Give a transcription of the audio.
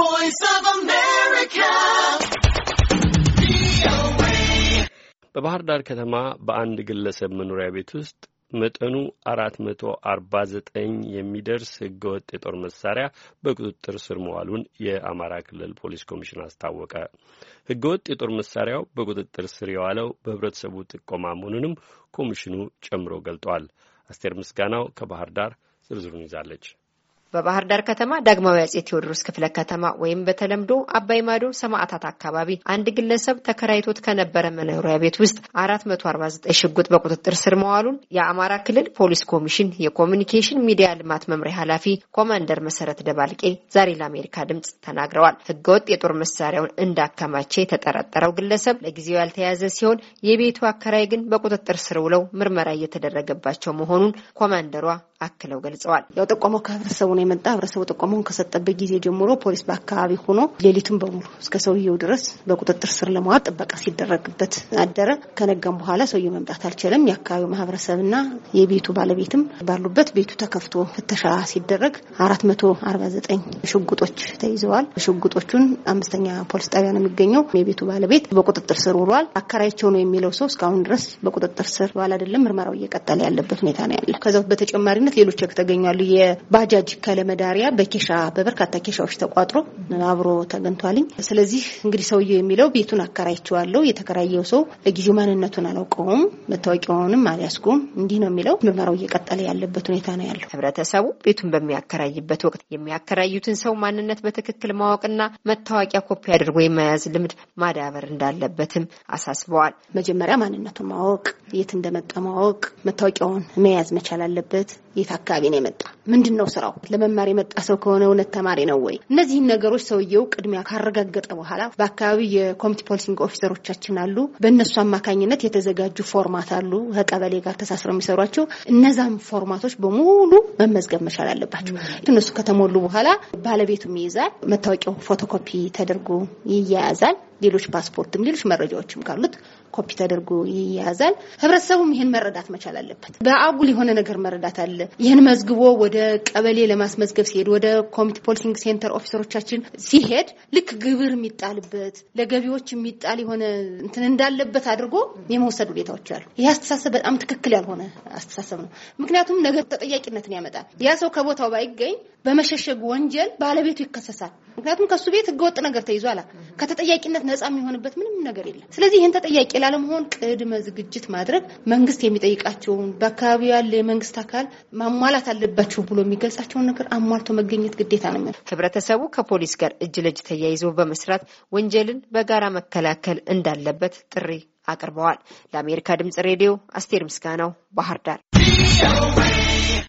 voice of America. በባህር ዳር ከተማ በአንድ ግለሰብ መኖሪያ ቤት ውስጥ መጠኑ 449 የሚደርስ ህገወጥ የጦር መሳሪያ በቁጥጥር ስር መዋሉን የአማራ ክልል ፖሊስ ኮሚሽን አስታወቀ። ህገወጥ የጦር መሳሪያው በቁጥጥር ስር የዋለው በህብረተሰቡ ጥቆማ መሆኑንም ኮሚሽኑ ጨምሮ ገልጧል። አስቴር ምስጋናው ከባህር ዳር ዝርዝሩን ይዛለች። በባህር ዳር ከተማ ዳግማዊ አጼ ቴዎድሮስ ክፍለ ከተማ ወይም በተለምዶ አባይ ማዶ ሰማዕታት አካባቢ አንድ ግለሰብ ተከራይቶት ከነበረ መኖሪያ ቤት ውስጥ አራት መቶ አርባ ዘጠኝ ሽጉጥ በቁጥጥር ስር መዋሉን የአማራ ክልል ፖሊስ ኮሚሽን የኮሚኒኬሽን ሚዲያ ልማት መምሪያ ኃላፊ ኮማንደር መሰረት ደባልቄ ዛሬ ለአሜሪካ ድምጽ ተናግረዋል። ህገወጥ የጦር መሳሪያውን እንዳከማቸ የተጠረጠረው ግለሰብ ለጊዜው ያልተያዘ ሲሆን የቤቱ አከራይ ግን በቁጥጥር ስር ውለው ምርመራ እየተደረገባቸው መሆኑን ኮማንደሯ አክለው ገልጸዋል። ያው ጥቆማው ከህብረተሰቡ ነው የመጣ። ህብረተሰቡ ጥቆማውን ከሰጠበት ጊዜ ጀምሮ ፖሊስ በአካባቢ ሆኖ ሌሊቱን በሙሉ እስከ ሰውየው ድረስ በቁጥጥር ስር ለመዋል ጥበቃ ሲደረግበት አደረ። ከነጋም በኋላ ሰውየው መምጣት አልቻለም። የአካባቢው ማህበረሰብና የቤቱ ባለቤትም ባሉበት ቤቱ ተከፍቶ ፍተሻ ሲደረግ አራት መቶ አርባ ዘጠኝ ሽጉጦች ተይዘዋል። ሽጉጦቹን አምስተኛ ፖሊስ ጣቢያ ነው የሚገኘው። የቤቱ ባለቤት በቁጥጥር ስር ውሏል። አከራያቸው ነው የሚለው ሰው እስካሁን ድረስ በቁጥጥር ስር ባል አይደለም። ምርመራው እየቀጠለ ያለበት ሁኔታ ነው ያለ። ከዛ በተጨማሪነት ያሉት ሌሎች ተገኛሉ። የባጃጅ ከለመዳሪያ በኬሻ በበርካታ ኬሻዎች ተቋጥሮ አብሮ ተገኝቷልኝ። ስለዚህ እንግዲህ ሰውየው የሚለው ቤቱን አከራይቼዋለሁ፣ የተከራየው ሰው ለጊዜው ማንነቱን አላውቀውም፣ መታወቂያውንም አልያዝኩም፣ እንዲህ ነው የሚለው። ምርመራው እየቀጠለ ያለበት ሁኔታ ነው ያለው። ህብረተሰቡ ቤቱን በሚያከራይበት ወቅት የሚያከራዩትን ሰው ማንነት በትክክል ማወቅና መታወቂያ ኮፒ አድርጎ የመያዝ ልምድ ማዳበር እንዳለበትም አሳስበዋል። መጀመሪያ ማንነቱን ማወቅ፣ የት እንደመጣ ማወቅ፣ መታወቂያውን መያዝ መቻል አለበት። የት አካባቢ ነው የመጣ ምንድን ነው ስራው ለመማር የመጣ ሰው ከሆነ እውነት ተማሪ ነው ወይ እነዚህን ነገሮች ሰውየው ቅድሚያ ካረጋገጠ በኋላ በአካባቢው የኮሚቲ ፖሊሲንግ ኦፊሰሮቻችን አሉ በእነሱ አማካኝነት የተዘጋጁ ፎርማት አሉ ከቀበሌ ጋር ተሳስረው የሚሰሯቸው እነዛም ፎርማቶች በሙሉ መመዝገብ መቻል አለባቸው እነሱ ከተሞሉ በኋላ ባለቤቱም ይይዛል መታወቂያው ፎቶኮፒ ተደርጎ ይያያዛል ሌሎች ፓስፖርትም ሌሎች መረጃዎችም ካሉት ኮፒ ተደርጎ ይያያዛል። ህብረተሰቡም ይህን መረዳት መቻል አለበት። በአጉል የሆነ ነገር መረዳት አለ። ይህን መዝግቦ ወደ ቀበሌ ለማስመዝገብ ሲሄድ፣ ወደ ኮሚቴ ፖሊሲንግ ሴንተር ኦፊሰሮቻችን ሲሄድ ልክ ግብር የሚጣልበት ለገቢዎች የሚጣል የሆነ እንትን እንዳለበት አድርጎ የመውሰድ ሁኔታዎች አሉ። ይህ አስተሳሰብ በጣም ትክክል ያልሆነ አስተሳሰብ ነው። ምክንያቱም ነገር ተጠያቂነትን ያመጣል። ያ ሰው ከቦታው ባይገኝ በመሸሸግ ወንጀል ባለቤቱ ይከሰሳል። ምክንያቱም ከሱ ቤት ህገወጥ ነገር ተይዟል። ከተጠያቂነት ነጻ የሚሆንበት ምንም ነገር የለም። ስለዚህ ይህን ተጠያቂ ላለመሆን ቅድመ ዝግጅት ማድረግ መንግስት የሚጠይቃቸውን በአካባቢው ያለ የመንግስት አካል ማሟላት አለባቸው ብሎ የሚገልጻቸውን ነገር አሟልቶ መገኘት ግዴታ ነው ህብረተሰቡ ከፖሊስ ጋር እጅ ለእጅ ተያይዞ በመስራት ወንጀልን በጋራ መከላከል እንዳለበት ጥሪ አቅርበዋል። ለአሜሪካ ድምጽ ሬዲዮ አስቴር ምስጋናው ባህር ዳር